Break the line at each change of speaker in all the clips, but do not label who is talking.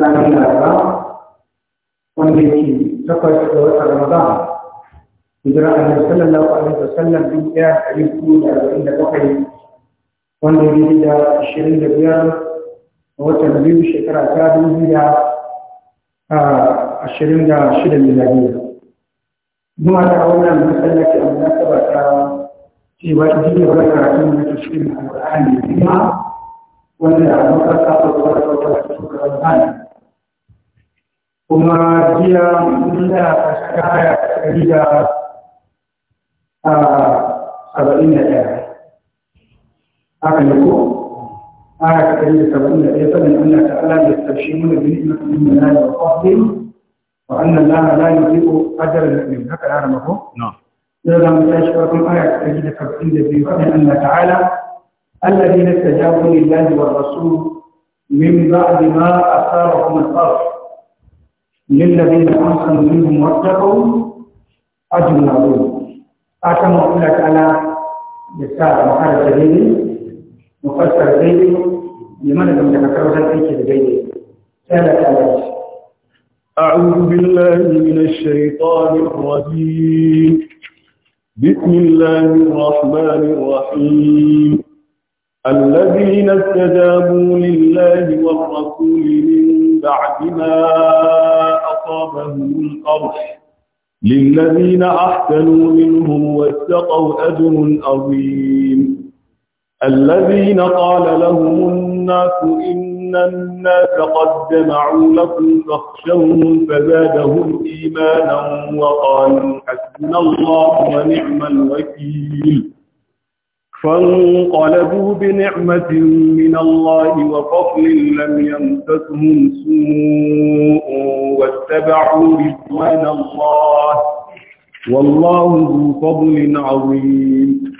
ranar laraba wanda yake takwas ga watan ramadan hijira annabi sallallahu alaihi wasallam dubu ɗaya da ɗari hudu da arba'in da bakwai wanda ya yi da ashirin da a watan biyu shekara ta dubu da ashirin da shida miladiya zuwa da wannan masallaci a munasaba ta cewa jiya ba karatun na tafsirin alƙur'ani da wanda a makarta ta kwakwakwakwa ta kwakwakwakwa وما جيا لا آه، آية أكن آية كريمة آية فمن أن تعالى يستبشرون بنعمة من الله وفضل وأن الله لا يضيع أجر المؤمن هكا أعلمه نعم إذا لم تشكركم آية كريمة آية. أن تعالى الذين استجابوا لله والرسول من بعد ما أثارهم الأرض للذين أحسنوا منهم واتقوا أجر عظيم أتم أقول لك أنا لسا محارة جديد مفسر جديدي لمن لم تتكرر أي شيء
سألك على أعوذ بالله من الشيطان الرجيم بسم الله الرحمن الرحيم الذين استجابوا لله والرسول من بعد ما أصابه القرح للذين أحسنوا منهم واتقوا أجر عظيم الذين قال لهم الناس إن الناس قد جمعوا لكم فاخشوهم فزادهم إيمانا وقالوا حسبنا الله ونعم الوكيل فانقلبوا بنعمة من الله وفضل لم يمسسهم سوء واتبعوا رضوان الله والله ذو فضل عظيم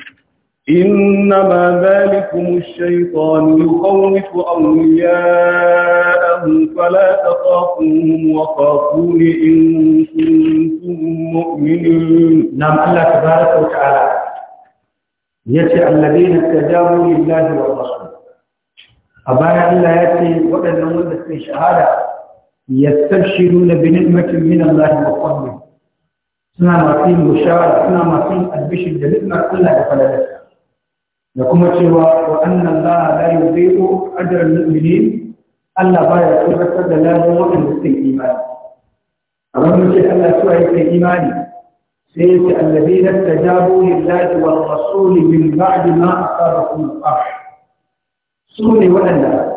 إنما ذلكم الشيطان يخوف أولياءه فلا تخافوهم وخافون إن كنتم مؤمنين
نعم الله تبارك وتعالى yace alladheena tajabu lillahi wa rasul a baya Allah ya ce waɗannan wanda suka shahada yastabshiruna bi ni'matin min Allah wa fadlin suna masu yin bushara suna masu albishin albishir da ni'mar Allah da falalarsa da kuma cewa wa annan Allah la yudhi'u ajra al-mu'minin Allah baya tabbatar da ladan waɗanda suka imani A mun ce Allah su ayi imani سيد الذين استجابوا لله والرسول من بعد ما أصابهم القرح سوني وأنا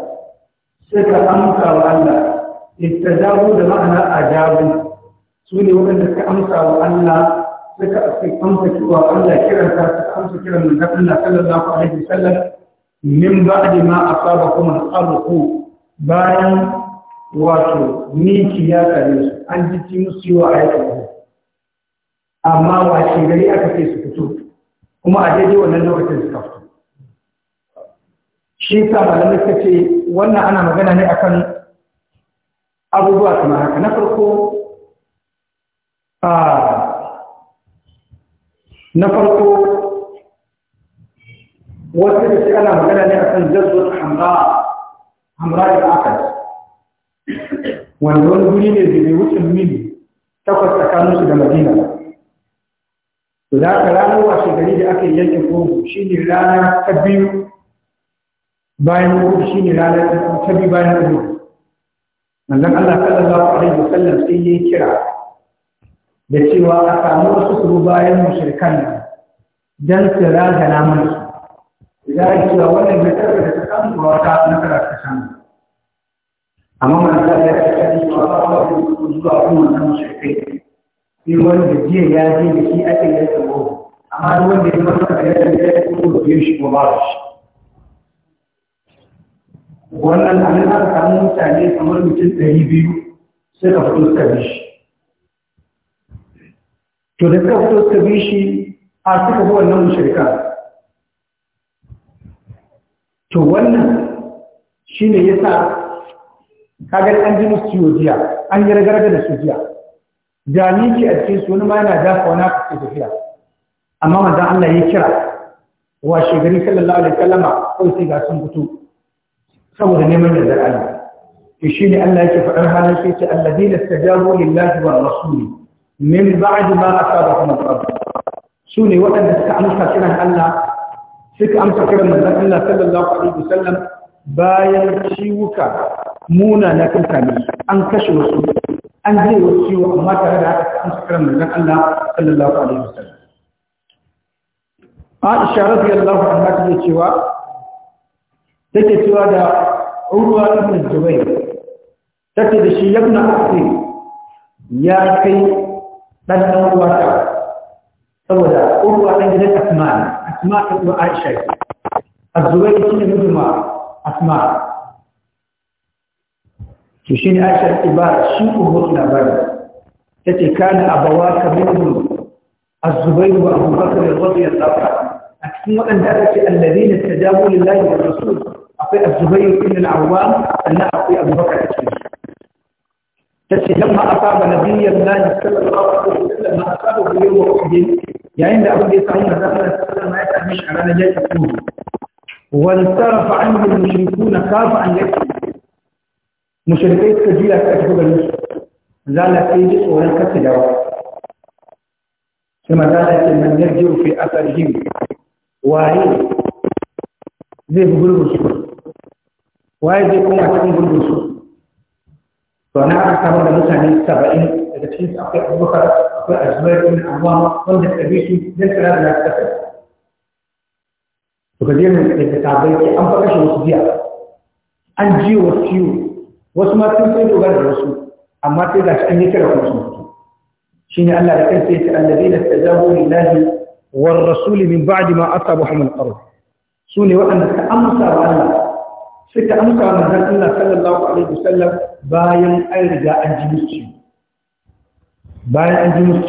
سكا أمسى وأنا استجابوا بمعنى أجابوا سوني وأنا سكا أمسى وأنا سكا أمسى وأنا كرا سكا أمسى كرا من نبينا صلى الله عليه وسلم من بعد ما أصابهم القرح bayan wato miki ya kare su an ji ci musu yi wa aikata amma washe gari aka ce su fito kuma a daidai wannan lokacin suka fito shi sa malamai suka ce wannan ana magana ne akan abubuwa kamar haka na farko na farko wasu da shi ana magana ne akan jazzot hamra hamra da aka wanda wani guri ne da bai wuce mil takwas tsakaninsu da madina ba Za ka rano washe gari da aka yi yankin ogu shi ne rana ta biyu bayan ogu shi ne rana ta biyu bayan ogu manzan Allah sallallahu alaihi wasallam sai ya kira da cewa a samu wasu su bayan mashirkan. nan dan su raga naman su za a cewa wannan mai tarbi da ta samu ba wata nasara ta samu amma manzan ya ce cewa ba wani zuwa kuma na mushrikai sai wanda jiya ya je da shi ake yanka amma duk wanda ya zama a yadda ya yi kuma da shi ko ba shi wannan abin aka samu mutane kamar mutum ɗari biyu suka fito suka bi shi to da suka fito suka bi shi a suka bi wannan mushirka to wannan shi ne ya sa kagar an ji musu jiya an yi ragarga da su jiya jami'i a cikin su wani ma yana dafa wani haka ke tafiya amma manzon Allah ya kira wa shigari sallallahu alaihi wasallama ko sai ga sun fito saboda neman yardar Allah to shine Allah yake faɗar halin sai ce alladina istajabu lillahi war rasuli min ba'd ma asabahum al-ard sune waɗanda suka amsa kiran Allah suka amsa kiran manzon Allah sallallahu alaihi wasallam bayan ciwuka muna na kanka ne an kashe wasu an je wasu ciwo amma tare da haka amsa kiran manzon Allah sallallahu alaihi wasallam Aisha radiyallahu anha take cewa take cewa da Urwa ibn Zubayr take da shi ibn Afi ya kai dan dan uwata saboda Urwa dan gidan Asma Asma ibn Aisha Az-Zubayr shine mijima Asma to shi shine Aisha ba shi Urwa labari tace kana abawaka minhum Az-Zubayr wa Abu Bakr radiyallahu anhu cikin waɗanda aka ce allazi na tajabu lillahi wa rasul akwai az-zubayr ibn al-awwam sannan akwai abubakar a cikin tace lamma asaba nabiyyan lahi sallallahu alaihi wasallam ma asaba bi yawm uhud yayin da abin da ya samu da Allah sallallahu alaihi wasallam ya a ranar yakin uhud wal tarafa anhu al-mushrikuna kafa an yakin mushrikai suka jira suka tafi garin su zalla sai ji tsoron kasu dawo sai manzala ce man yarjiu fi asarihim waye zai fi gurbin su waye zai kuma cikin gurbin su to na aka samu da mutane saba'in daga cikin su akwai abubakar akwai azuwar ibn amma wanda ka bi su zai tsara da ta kai to ka je mun da sabai ke an faɗa shi wasu biya. an ji wasu ciwo wasu ma sun sai dogara da wasu amma sai gashi an yi kira kuma sun fito shine Allah da kansa ya ce alladina tajabu lillahi war rasul min ba'di ma asabu hamul ard sune waɗanda suka amsa wa Allah suka amsa wa manzon Allah sallallahu alaihi wasallam bayan an riga an ji musu bayan an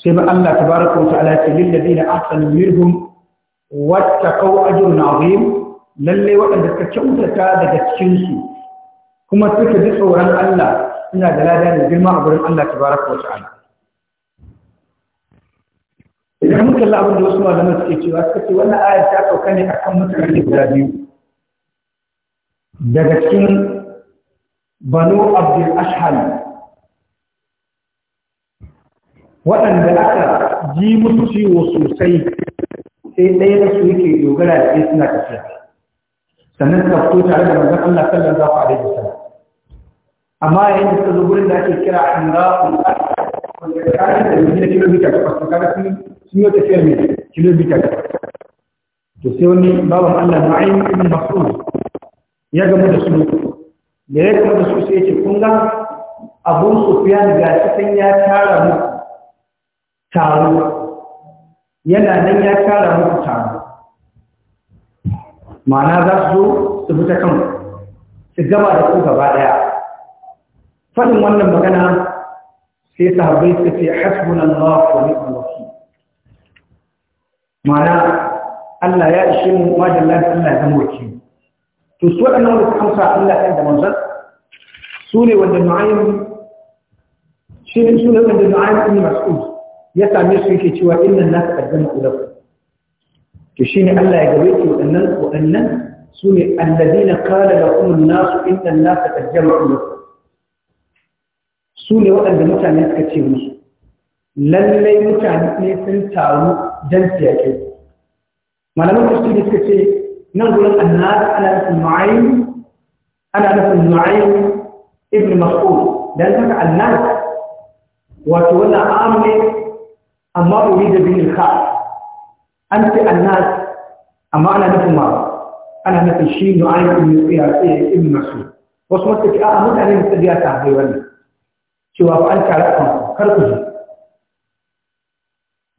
sai ma Allah tabaraka wa ta'ala ce lil ladina ahsanu minhum wattaqaw ajrun azim lalle waɗanda suka daga cikin kuma suka ji tsoron Allah suna da lada girma a gurin Allah tabaraka idan muka labar da wasu malaman suke cewa suka ce wannan ayar ta sauka ne akan mutane guda biyu daga cikin banu abdul ashhal waɗanda aka ji musu ciwo sosai sai ɗaya da su yake dogara da ɗaya suna tafiya sannan suka fito tare da manzan Allah sallallahu alaihi wasallam amma yayin da suka zo gurin da ake kira hanra'ul wanda tsakanin da yanzu da kilomita takwas to kaga sun sun yi tafiya mai kilomita takwas to sai wani bawan Allah ma'ayin ibn Mas'ud ya gamu da su da ya gamu da su sai ce kun ga abun Sufyan ga cikin ya tara mu taro yana nan ya tara mu taro ma'ana za su zo su fita kan su gaba da su gaba daya faɗin wannan magana sai sahabbai suka ce hasbunallahu wa ni'mal wakil Mana Allah ya ishe mu majallan Allah ya zama wakil to su waɗannan wanda suka amsa Allah ya da manzon su ne wanda nu'aym shi ne su ne wanda nu'aym ibn mas'ud ya same su yake cewa na nas qaddama ulaku to shi ne Allah ya gabe ki waɗannan waɗannan su ne alladina qala lahum an-nas na nas qaddama ulaku su ne waɗanda mutane suka ce musu lallai mutane ne sun taru don siyake malaman tafsiri suka ce nan gurin annas ana nufin nu'aym ana nufin nu'aym ibn mas'ud dan haka annas wato wannan amme amma urida bin al an ce annas amma ana nufin ma ana nufin shi nu'aym ibn mas'ud wasu mutane a mutane ne su biya ta bai wannan cewa fa an tare kan kar ku je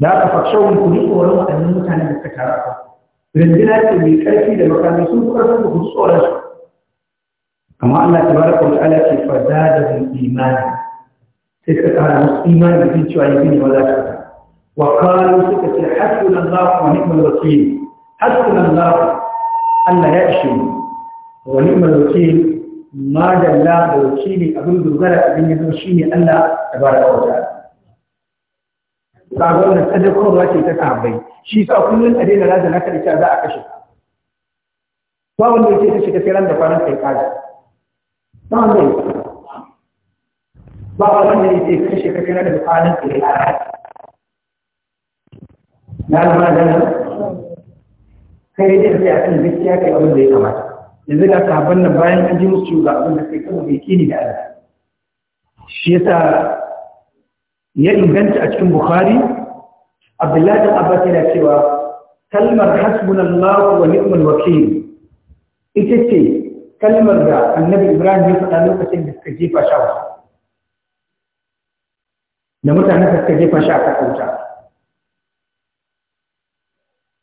da aka fakshawun ku ji tsoron waɗannan mutane da suka tare kan rindina ce mai ƙarfi da makami sun fi ƙarfin ku ji tsoron su amma Allah ta baraka wa ta'ala ce fa da da imani sai suka ƙara musu imani da cewa yanzu ne maza ta wa qalu suka ce hasbuna Allah wa ni'mal wakeel hasbuna Allah Allah ya ishe mu wa ni'mal wakeel ما جلا دو شيني أبن دوغرة أبن يدو شيني ألا تبارك وتعالى تقول لك أدى كون راتي تتعبي شي سوى كلن أدينا لازم أكل إتعداء أكشف فأول ما يتعدى شي كثيرا دفعنا في القاجة فأول ما يتعدى فأول ما يتعدى شي كثيرا دفعنا في القاجة لا لا لا خير دي أخي أكل بيتيا كي أبن دي أماتي yanzu ga sahabban nan bayan an ji musu ga abin da kai kuma bai kini da Allah shi yasa ya inganta a cikin bukhari abdullahi bin abbas yana cewa kalmar hasbunallahu wa ni'mal wakil ita ce kalmar da annabi ibrahim ya faɗa lokacin da suka jefa shi da mutane da suka jefa shi a kakauta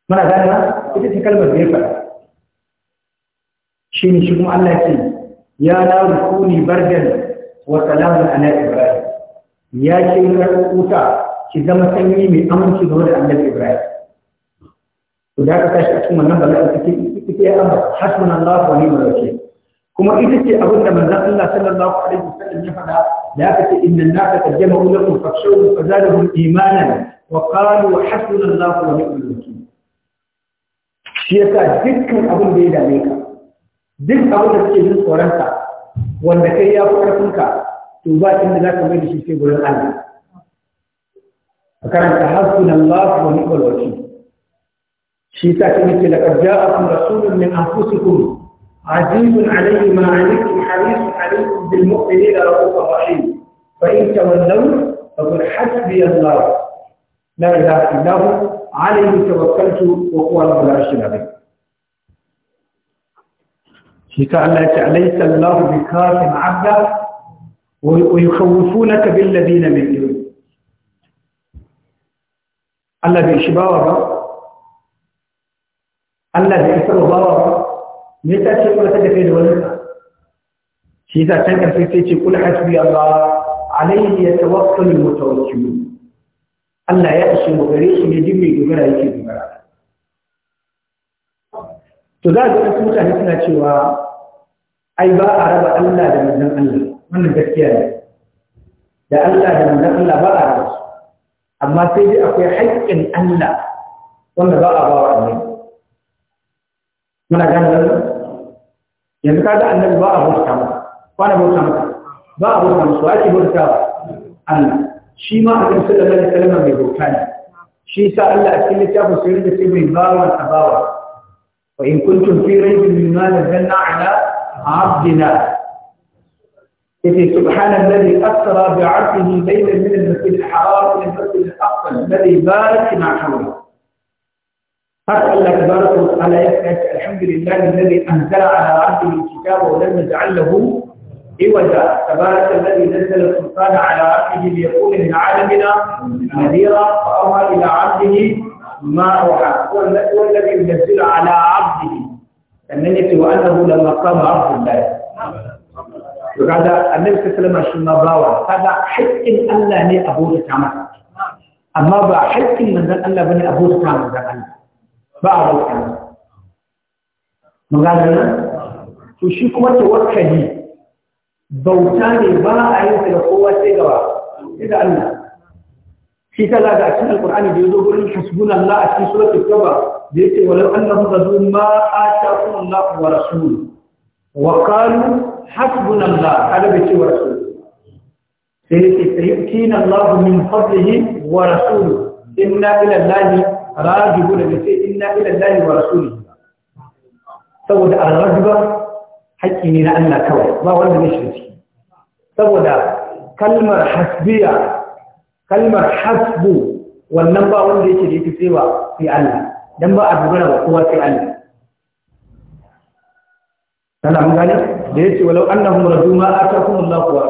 mana gane ita ce kalmar da ya faɗa shi ne shi kuma Allah ce ya na rukuni bardan wa a ala ibrahim ya ce wuta ki zama sanyi mai aminci game da annabi ibrahim to da aka tashi a cikin wannan bala'i take ita ya amma hasbunallahu wa ni'mal wakeel kuma ita ce abin da manzon Allah sallallahu alaihi wasallam ya faɗa da aka ce inna naka qad jama'u lakum fakhshawhum fazadahum imanan wa qalu hasbunallahu wa ni'mal wakeel shi yasa dukkan abin da ya dame ka duk abin da suke jin tsoronka wanda kai ya fi ƙarfinka to ba inda za ka mai da shi ke gurin Allah a karanta hasbun Allah wa ni'mal wakil shi ta ce nake da qarja'akum rasulun min anfusikum azizun alayhi ma alaykum harisun alaykum bil mu'minina ra'ufur rahim fa in tawallaw فقل حسبي الله لا اله الا هو kuwa توكلت وهو shi العرش العظيم shi ta Allah ce alaysa Allahu bikafin 'abda wa yukhawwifunaka bil ladina min dun Allah bai shi bawa ba Allah bai isar bawa ba me ta ce kula ta da kai da wani ka shi ta can karfi sai ce kul hasbi Allah alayhi yatawakkalu mutawakkilun Allah ya ishe mu gare shi ne duk mai dogara yake dogara to za ga wasu mutane suna cewa ai ba a raba Allah da manzon Allah wannan gaskiya ne da Allah da manzon Allah ba a raba su amma sai dai akwai haƙƙin Allah wanda ba a ba wa annabi muna gane wannan yanzu ka ga annabi ba a bauta masa kwana bauta masa ba a bauta masa ake bauta Allah shi ma a kan sallallahu alaihi wasallam mai bauta ne shi sa Allah a cikin littafin sirri da sai mai bawa ta bawa وإن كنتم في ريب مما نزلنا على عبدنا إذ سبحان الذي أثر بعبده ليلا من المسجد الحرام إلى المسجد الأقصى الذي بارك مع حوله حتى لا تبارك على يسأل الحمد لله الذي أنزل على عبده الكتاب ولم يجعل له عوجا تبارك الذي نزل السلطان على عبده ليكون من عالمنا نذيرا فأوحى إلى عبده ma'uha wanda zai yunazzilu ala abdihi sannan yace wa annahu lamma qama abdullahi to kaga annabi sallallahu alaihi wasallam bawa kaga haƙƙin Allah ne a bauta masa amma ba haƙƙin manzon Allah bane a bauta manzon Allah ba a bauta mun gane nan to shi kuma tawakkali bauta ne ba a yin da kowa sai gaba da Allah shi ta zaga a cikin alkur'ani da ya zo gurin hasbunan la a cikin suratul kaba da yake walau annahum radu ma ataakum Allah wa rasuluhu wa qalu hasbuna Allah kada bai ce wa rasuluhu sai yake sayyidina Allah min fadlihi wa rasuluhu inna ila Allah rajibun da sai inna ila Allah wa rasuluhu saboda ar-rajba haƙƙi ne na Allah kawai ba wanda ne shi saboda kalmar hasbiya kalmar hasbu wannan ba wanda yake da ita cewa ba sai Allah dan ba a dogara ba kowa sai Allah kana mun gane da yace walau annahum radu ma atakum Allah wa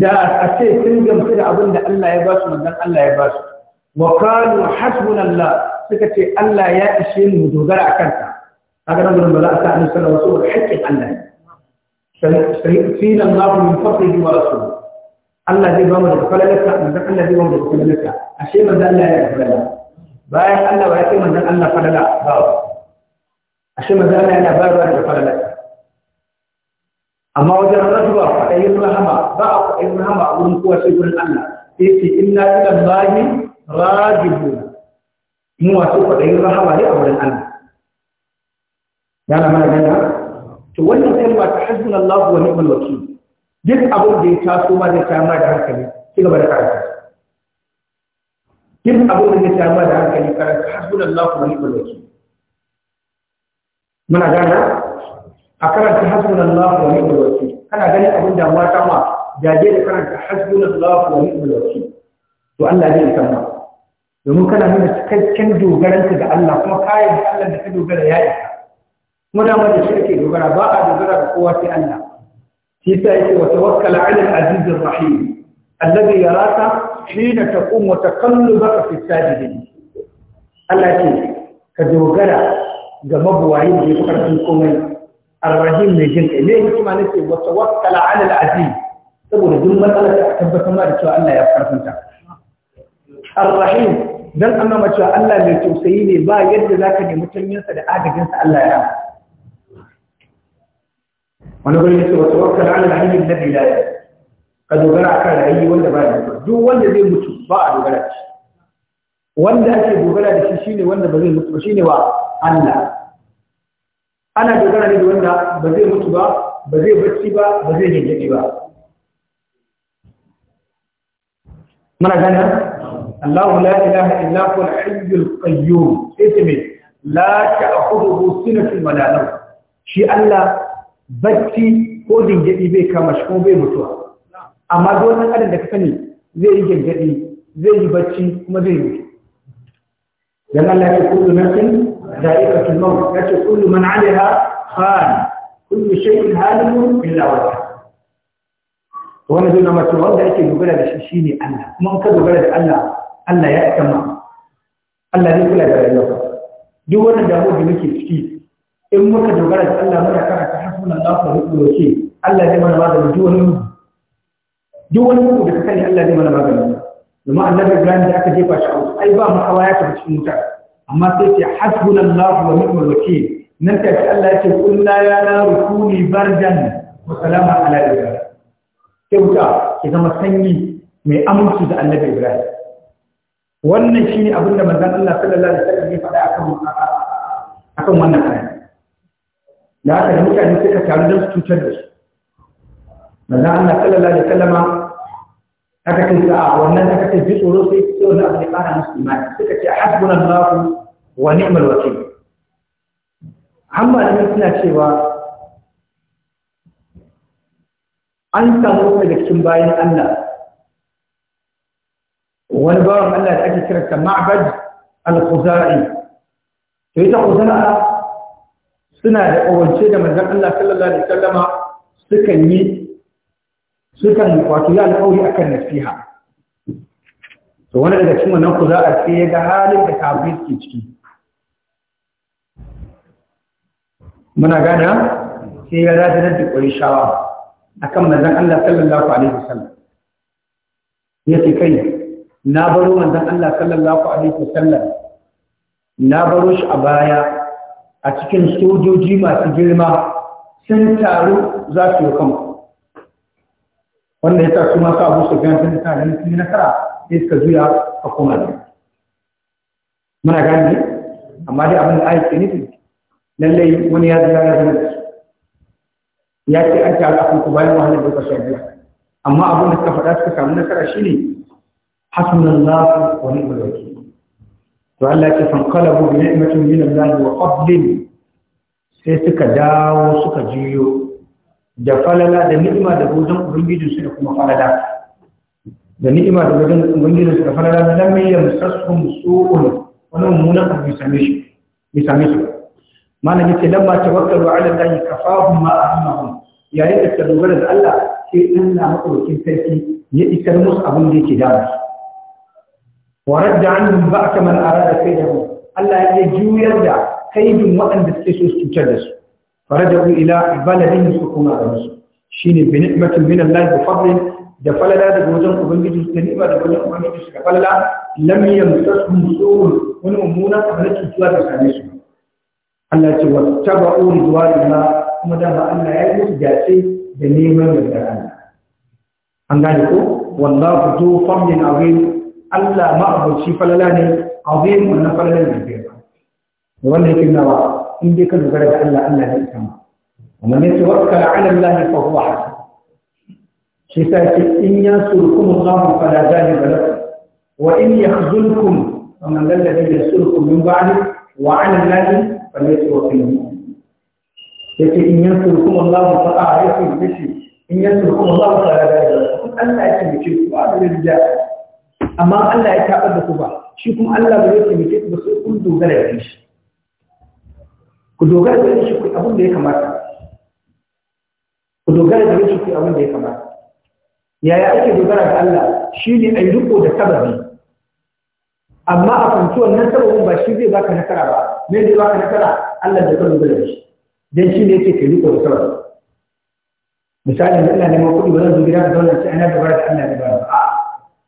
da a ce sun gamsu da abin da Allah ya ba su manzon Allah ya ba su wa qalu hasbunallah suka ce Allah ya ishe mu dogara akan ta kaga nan gurin ba za a sa annabi sallallahu alaihi wasallam hakkin Allah sai sai nan Allah min fadlihi wa rasulihi Allah zai ba mu da falalarsa manzon Allah zai ba mu da falalarsa ashe manzon Allah ya falala bayan Allah ba ya kai manzon Allah falala ba ashe manzon Allah yana bayarwa da falalarsa amma wajen rajuwa kwaɗayin rahama ba a kwaɗayin rahama a wurin kowa sai wurin Allah sai ce inna ila bahi rajibu mu wasu kwaɗayin rahama ne a wurin Allah yana mana gana to wannan kalma ta hasbunallahu wa ni'mal wakil duk abin da ya taso ma zai tayar ma da hankali ci gaba da karanta duk abin da ya tayar ma da hankali karanta hasbunallahu wa ni'mal wakil muna gana a karanta hasbunallahu wa ni'mal wakil kana ganin abin da mata ma jaje da karanta hasbunallahu wa ni'mal wakil to Allah zai san ma domin kana nuna cikakken dogaranka da Allah kuma kayan da Allah da ka dogara ya isa kuma da ma da shi dogara ba a dogara da kowa sai Allah shi wata yake wa tawakkal ala al-aziz ar-rahim alladhi yaraka hina taqum wa taqallubaka fi sajidin Allah ce ka dogara ga mabuwayi da yake karfin komai ar-rahim ne jin kai ne hikima ne ce wa ala al-aziz saboda duk matsalar ta tabbatar ma da cewa Allah ya karfinta ar-rahim dan annama cewa Allah mai tausayi ne ba yadda zaka nemi tanyansa da adadinsa Allah ya rahama wani gurin yake wata wakar ala hayyin nabi la ya ka dogara akan rayi wanda ba ya duk wanda zai mutu ba a dogara shi wanda ake dogara da shi shine wanda ba zai mutu ba shine wa Allah ana dogara ne da wanda ba zai mutu ba ba zai barci ba ba zai jinjiri ba mana gana Allah la ilaha illa huwa al-hayyul qayyum sai me la ta'khudhuhu sinatun wa la nawm shi Allah bacci ko gingidi bai kama shi kuma bai mutuwa amma duk wani adam da ka sani zai yi gangadi, zai yi bacci kuma zai mutu dan Allah ya kullu nafsin da'iqatul maut ya ce kullu man 'alaiha khan kullu shay'in halikun illa wajha to wannan zai nuna wanda ake dogara da shi shine Allah kuma in ka dogara da Allah Allah ya kama Allah ne kula da rayuwa duk wannan damuwa da muke ciki in muka dogara da Allah muna karanta suna ɗaukar da ka sani Allah zai mana magani Ibrahim da aka jefa shi a ai ba mu ya tafi cikin amma sai ce hasbunallahu wa ni'mal wakil nan ta ce Allah ya ce kullu ya na rukuni bardan wa salama ala ibrahim sai wuta ki zama sanyi mai aminci da annabi Ibrahim wannan shi abin da manzon Allah sallallahu alaihi wasallam ya faɗa akan wannan ayat da haka mutane suka taru don su cutar da su manzan Allah sallallahu alaihi wasallama aka kai sa a wannan aka kai ji tsoro sai su wannan abu ne ƙara musu imani suka ce hasbunallahu wa ni'mal wakil amma da suna cewa an samu daga cikin bayan Allah wani bawan Allah da ake kira ta ma'bad al-khuzai to ita khuzai suna da ƙawance da manzan Allah sallallahu alaihi wasallama sukan yi sukan wato yi alƙawari kan nasiha to wani daga cikin wannan ku za a sai ga halin da kafin suke ciki muna gana sai ya ta zaɗa da a kan manzan Allah sallallahu alaihi wasallam ya ce kai na baro manzan Allah sallallahu alaihi wasallam na baro shi a baya a cikin sojoji masu girma sun taru za su yi kama. wanda ya tasu masu abu su gan sun tare ne sun yi nasara sai suka zuya a kuma ne muna gani amma dai abin da aiki nufi lallai wani ya zama ya zama da su ya ce an taru a ku bayan wahalar da kashe biya amma abin da suka faɗa suka samu nasara shine hasunan lafi wani wakeel to Allah ce san qalabu bi ni'matin min Allah wa fadlin sai suka dawo suka jiyo da falala da ni'ima da gudun ubangijin su da kuma falala da ni'ima da gudun ubangijin su da falala lam yamsasuhum su'un wani mummunan abu ya same shi mana same su malami ce lamma tawakkalu ala Allah kafahum ma ahammahum yayin da ta dogara da Allah sai Allah madaukakin sarki ya isar musu abin da yake da su ورد عنهم بأس من أراد كيدهم ألا يجو يرجع كيد وأن بتسوس تجلس فرجعوا إلى بلدهم سكونا رمس شيني بنعمة من الله بفضل دفل لا دجوجن أبنجي نعمة دجوجن أبنجي سكفل لا لم يمسسهم سوء ونمونا أبنجي توا تسانيس الله يقول واتبعوا رضوان الله kuma dama Allah ya yi musu jace da neman yarda Allah an gane ko wallahu zu fadlin azim Allah ma'abuci falala ne azim wannan falala ne ke ba wannan yake nawa in dai ka dogara ga Allah Allah ne kama amma ne tawakkala ala Allah fa huwa hasib shi ta ce in yansurkum Allah fala ba lakum wa in yakhzulkum faman alladhi yansurkum min ba'di wa ala Allah falyatawakkal mu'min yace in yansurkum Allah fa a'rifu bihi in yansurkum Allah fala ghaliba lakum Allah ya ku ba da amma Allah ya taɓar da ku ba shi kuma Allah ba zai taimake ku ba sai kun dogara da shi ku dogara da shi ku abin da ya kamata ku dogara da shi ku abin da ya kamata yaya ake dogara da Allah shi ne a yi da sababi amma a kwanci wannan sababin ba shi zai baka nasara ba me zai baka nasara Allah da kan dogara da shi dan shi ne yake ke riko da sababi misali ina neman kuɗi ba zan zo gida da zauna sai ana dogara da Allah da ba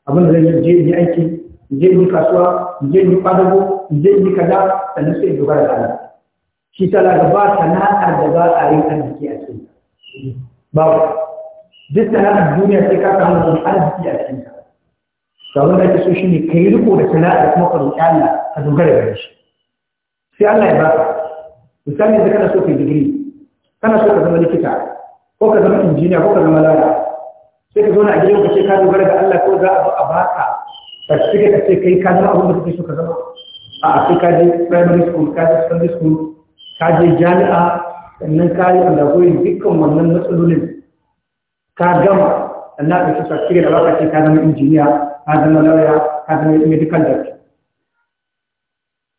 abin da zai je ni aiki je ni kasuwa je ni kwadago je ni kaza sannan sai dogara da Allah shi talaga ba sana'ar da za a yi arziki a cikin ba duk sana'ar duniya sai ka kama wani arziki a cikin ka sabon wanda ake so shi ne ka yi riko da sana'ar kuma ka roƙi Allah a dogara da shi sai Allah ya ba ka misali da kana so ka yi digiri kana so ka zama likita ko ka zama injiniya ko ka zama lara sai zo na a gidan ka ce ka dogara ga Allah ko za a zo a baka certificate ka ce kai ka zama abin da kake so ka zama a sai ka je primary school ka je secondary school ka je jami'a sannan ka yi alagoyin dukkan wannan matsalolin ka gama sannan ka ce certificate da baka ce ka zama injiniya ka zama lawyer ka zama medical doctor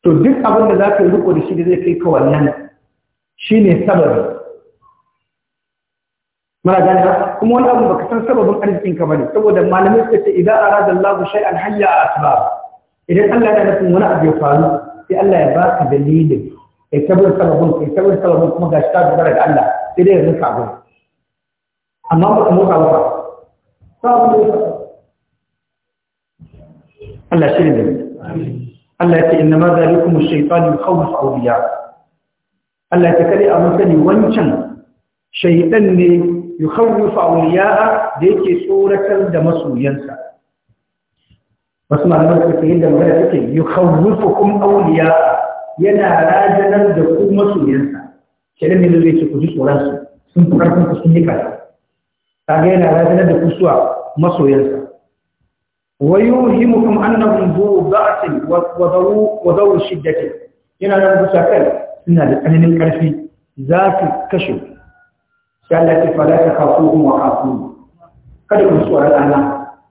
to duk abin da za ka yi riko da shi da zai kai ka wannan shine sababi muna gane kuma wani abu baka san sababin arzikin ka bane saboda malamai suka ce idan arada Allah shay'an hayya asbab idan Allah yana nufin wani abu ya faru sai Allah ya baka dalilin kai sabon sababin kai sabon sababin kuma gashi ta dogara da Allah sai dai yanzu sabon amma ba ka motsa ba sabon ne Allah shirin da Allah ya ce inna ma zalikum ash-shaytanu yukhawwifu awliya Allah ya ce kada a mun sani wancan shaytan ne yukhawwifu awliya'a da yake tsoratar da masoyansa wasu malaman suka yi da magana take yukhawwifukum awliya'a yana rajanar da ku masoyansa kenan ne zai ce ku ji tsoron su sun fi ku sun yi kaza kaga yana rajanar da ku suwa masoyansa ويوهمكم أنهم ذو ضعف وذو وذو شدة هنا نبص da tsananin الأنين za su kashe. Allah ce fa la ta khafuhum wa khafuni kada ku tsoron Allah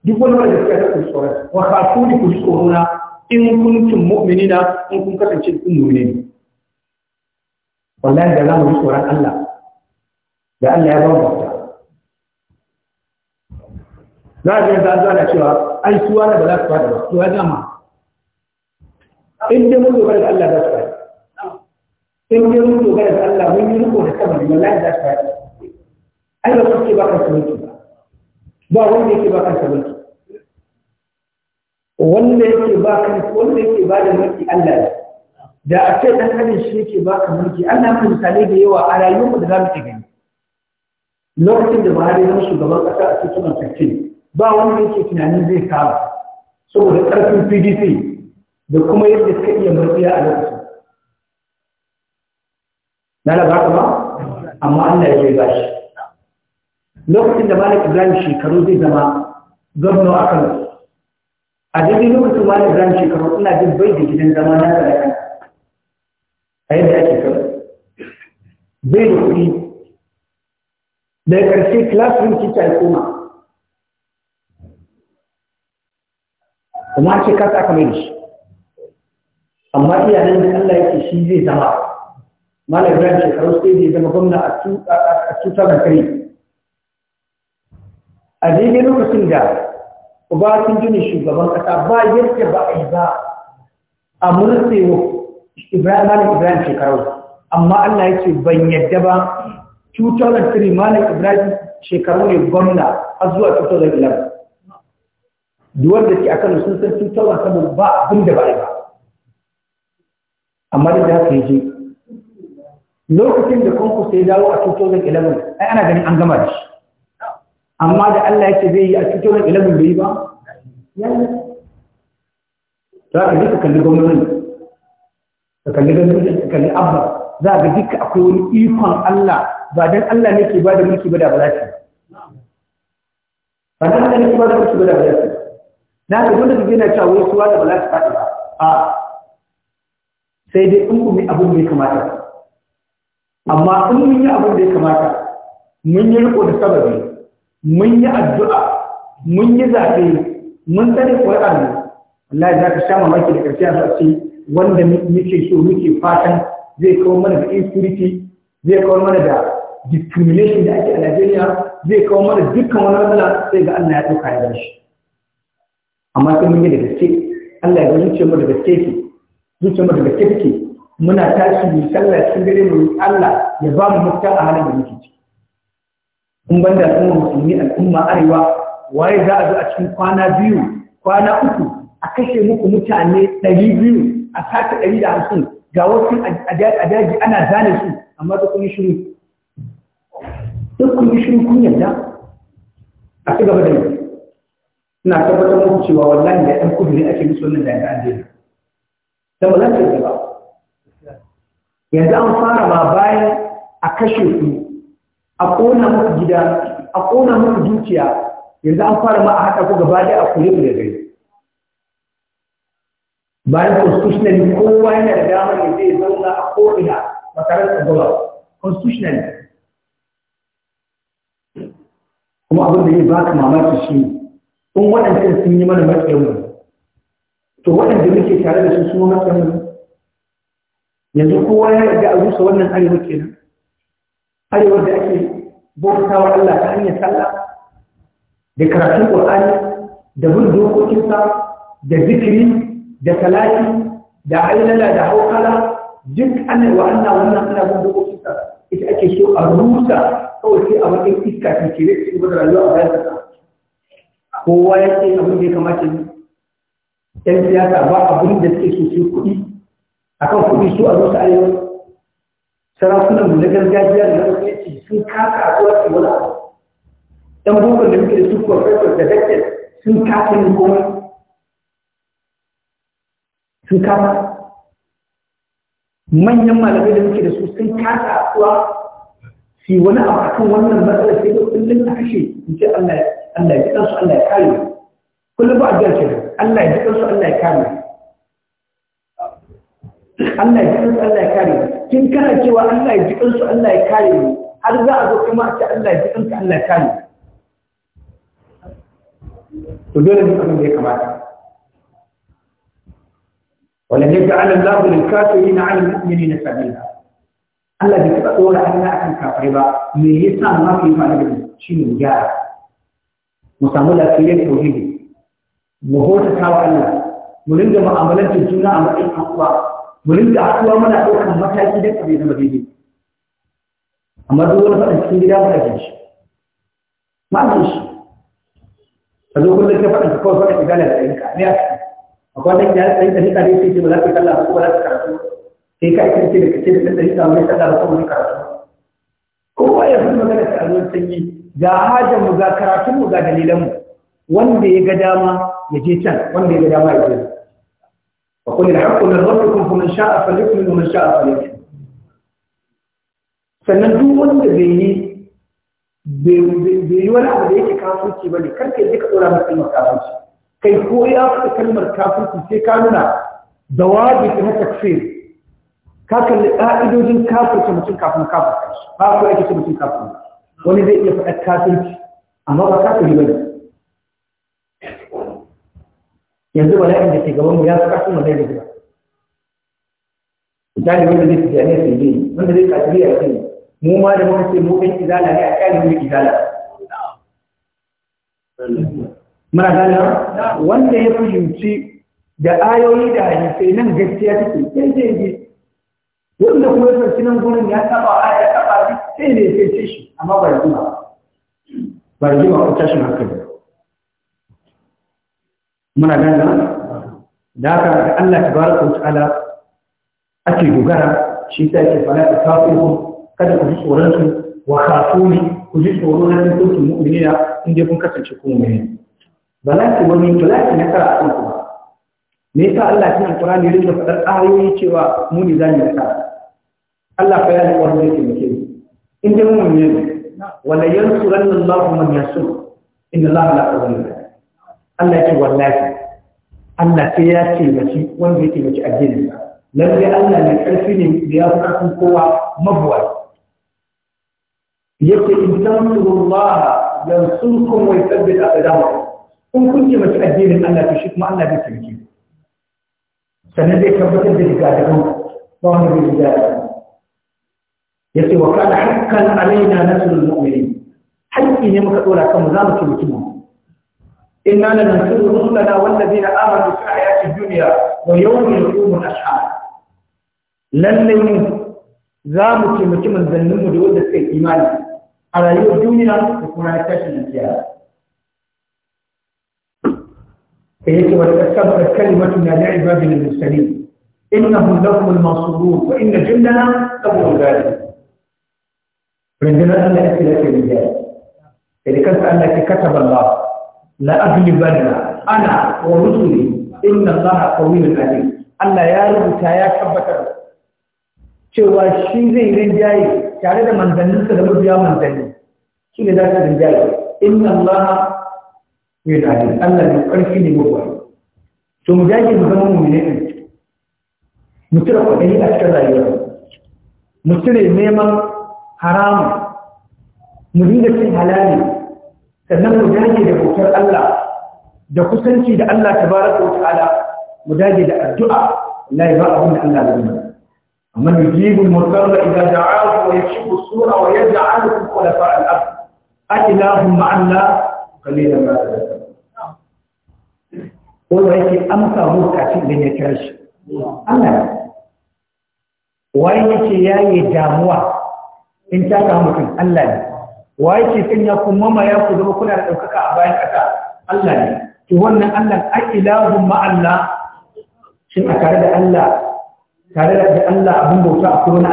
duk wani wanda suka ku tsoron wa khafuni ku tsorona in kuntum mu'minina in kun kasance kun mu'mini wallahi da za mu tsoron Allah da Allah ya ba mu ta za a ga za a cewa ai suwa da ba za su fada ba to ya dama in dai mun yi da Allah da su fada in dai mun yi da Allah mun yi riko da sabari wallahi da su fada ai ba kuke ba kansa mulki ba ba wanda yake ba kansa mulki wanda yake ba kansa wanda yake ba da mulki Allah ne da a ce dan adam shi yake ba ka mulki Allah mun misali da yawa a rayuwar da zamu ta gani lokacin da Buhari ne shugaban kasa a cikin 2015 ba wanda yake tunanin zai kama saboda karfin PDP da kuma yadda suka iya murfiya a lokacin na da ba amma Allah ya ba shi lokacin da malik ibrahim shekaru zai zama gwamna a kano a jirgin lokacin malik ibrahim shekaru ina jin bai da gidan zama na tsaraka a yadda ake kano zai da kuɗi daga ƙarshe classroom teacher ya koma kuma ce kasa aka mai da shi amma iyayen da Allah yake shi zai zama malik ibrahim shekaru sai zai zama gwamna a 2003 a daidai lokacin da sun jini shugaban kasa ba yadda ba a yi ba a murtsewa ibrahim malam ibrahim shekaru amma allah ya ce ban yadda ba 2003 malam ibrahim shekaru ne gwamna a zuwa 2011 duwar da ke akan sun san 2000 ba abin da ba a yi ba amma da ta yi lokacin da kwankwaso ya dawo a 2011 ai ana ganin an gama da shi amma da Allah yake zai yi a cikin wani ilimin bai ba yalla za ka duka kalli gwamnati ka kalli gwamnati ka kalli abba za ka duka akwai wani ikon Allah ba dan Allah ne ke ba da mulki ba da ba za ta ba dan Allah ne ke ba da mulki ba da ba za ta na ga wanda zai na cewa wai suwa da ba za ba a sai dai in ku mai abin da ya kamata amma in mun yi abin da ya kamata mun yi riko da sababi mun yi addu'a mun yi zaɓe mun tsare ƙwararru wallahi za ka sha mamaki da ƙarfi a ce wanda muke so muke fatan zai kawo mana da insecurity zai kawo mana da discrimination da ake a Najeriya zai kawo mana dukkan wani matsala sai ga Allah ya ɗauka ya shi amma sai mun yi da gaske Allah ya zuce mu da gaske ki zuce mu da gaske muna tashi mu sallah cikin gare mu Allah ya ba mu mutta a halin da muke ciki in ban da al'umma musulmi al'umma arewa waye za a zo a cikin kwana biyu kwana uku a kashe muku mutane ɗari biyu a sata ɗari da hamsin ga wasu a daji ana zane su amma da kun yi shiru duk kun yi shiru kun yarda a ci gaba da yi suna tabbatar muku cewa wallahi da ɗan kudu ne ake musu wannan da ya ɗan da ba za ta yi gaba yanzu an fara ma bayan a kashe ku a ƙona muku gida a ƙona muku dukiya yanzu an fara ma a haɗa ku gaba da a kure da gari bayan constitutionally kowa yana da damar da zai zauna a ko'ina ba tare da tsagwaba kuma abin da ya ba ka mamaki shi in waɗanda sun yi mana matsayinmu to waɗanda muke tare da su suna matsayinmu yanzu kowa ya riga a rusa wannan arewa kenan arewar da ake bautawa Allah ta hanyar sallah da karatun Qur'ani da bin dokokinsa da zikiri da salati da ailala da haukala duk ana wa Allah wannan ana bin dokokinsa ita ake so a rusa kawai sai a matsayin iska ta ce zai ci rayuwa a bayan sa kowa ya ce abin da ya kamata ne yan siyasa ba abin da suke so su kuɗi akan kuɗi su a rusa arewa sarakunan mu na gargajiya da na mutunci sun kasa a zuwa wala dan bukon da muke da su professor da doctor sun kasa yin komai sun kasa manyan malamai da muke da su sun kasa a zuwa su wani abu akan wannan matsalar sai da kullum a kashe in ce Allah ya ji Allah ya kare kullum ba a jiya Allah ya ji Allah ya kare Allah ya jikinsu Allah ya kare kin kana cewa Allah ya jikinsu Allah ya kare har za a zo kuma a ce Allah ya jikinsu Allah ya kare to dole ne abin da ya kamata ولن يجعل الله للكافرين على المؤمنين سبيلا Allah bai taɓa tsora Allah akan kafirai ba me yasa ma fi ma daga shi ne gyara mu samu lafiyar tauhidi mu hota tawa Allah mu rinda mu'amalancin juna a matsayin uwa mu rinka haɗuwa muna ɗaukar mataki da kare zama daidai amma duk wani faɗin cikin gida ba a jin shi ma a jin shi a zo kullum ka faɗin ka kawai faɗin igala da ɗayin ka ne a ciki akwai wanda ya tsayi da hikari sai ce ba za ka kalla ba ko ba za ka karatu sai ka ikin ce da kace da ɗan hikari mai kalla ba ko wani karatu kowa ya fi magana ta alwar sanyi ga hajar mu ga karatun mu ga dalilan mu wanda ya ga dama ya je can wanda ya ga dama ya je فقل الحق من ربكم فمن شاء فليؤمن ومن شاء فليكفر sannan duk wanda zai yi bai yi wani abu da yake kafirci ba ne karka yadda ka ɗora masa kalmar kafirci kai ko ya faɗi kalmar kafirci sai ka nuna da dawabi na takfir ka kalli ƙa'idojin kafirci mutum kafin kafirci ba ko yake mutum kafirci wani zai iya faɗa kafirci amma ba kafirci ba ne yanzu laifin da ke gaban mu ya fi ƙarfin wannan yanzu misali wanda zai fi jami'a sai yi. wanda zai kaji a sai mu ma da muka ce mu kai izala ne a kyalin mu izala muna gane wanda ya fahimci da ayoyi da hadisai nan gaskiya take sai zai je. wanda kuma ya fahimci nan gurin ya saba a ya saba sai ne sai ce shi amma ba ya rigima ba ya a ko tashin hankali muna gane da haka Allah tabaraka wa ta'ala ake dogara shi ta ce fala ta kafiru kada ku ji tsoron su wa khafuni ku ji tsoron na cikin kuntum mu'minina in dai kun kasance ku mu'mini balaki wa min balaki na kara a ku me yasa Allah cikin Qur'ani ya rinka faɗar ayoyi cewa mu ne zamu ka Allah fa ya yi wani yake muke in dai mu mu'mini wala yansuranna Allahu man yasur inna Allaha la yudhillu Allah ce wallahi Allah sai ya ce mace wanda ya taimaki addinin sa lalle Allah ne karfi ne da ya fi karfin kowa mabuwai yake in tansurullah yansurkum wa yuthabbit aqdamakum kun kun taimaki addinin Allah to shi kuma Allah zai taimake ku sannan zai tabbatar da riga da ku ba wanda zai riga da yace wa kana hakkan alaina nasrul mu'minin hakki ne muka dora kanmu za mu taimaki mu inna lanansuru rusulana wallazina amanu fi hayati dunya wa yawmi yaqumu ashhad lallai mu za mu ce mutum zannin da wanda suka imani a rayuwar duniya da kuma ya tashi jiya ka yake wa tsakkar kalimatu na da ibadin musulmi innahu lahum al-mansurun wa inna jindana abu gadi rajulan Allah ya tilaka jiya sai kanta Allah ya kataba Allah لأغلبن أنا ورسلي إن الله قوي عليم Allah ya rubuta ya tabbatar cewa shi zai rinjaye tare da manzanninsa da mabiya manzanni shi ne za su rinjaye inna Allah ya dade Allah ne karfi ne mabuwa to mu dage mu zama mu ne mu tura kwaɗayi a cikin rayuwa mu tura neman haramu mu dinga cin halali sannan mu dage da bautar Allah da kusanci da Allah tabaraka wa ta'ala mu dage da addu'a la ya ba abin da Allah zai mana amma yujibu al-mutarra idza da'ahu wa yakshifu as-sura wa yaj'alukum khulafa'a al-ard a ilahum ma'a Allah qalilan ma tadhakkarun wanda yake amsa mu kafin idan ya tashi Allah waye yake yaye damuwa in ta ga mutum Allah ne waye yake sanya ku mamaya ku zama kuna da daukaka a bayan kasa Allah ne to wannan Allah akilahum ma Allah shin a tare da Allah tare da Allah abin bauta a kuma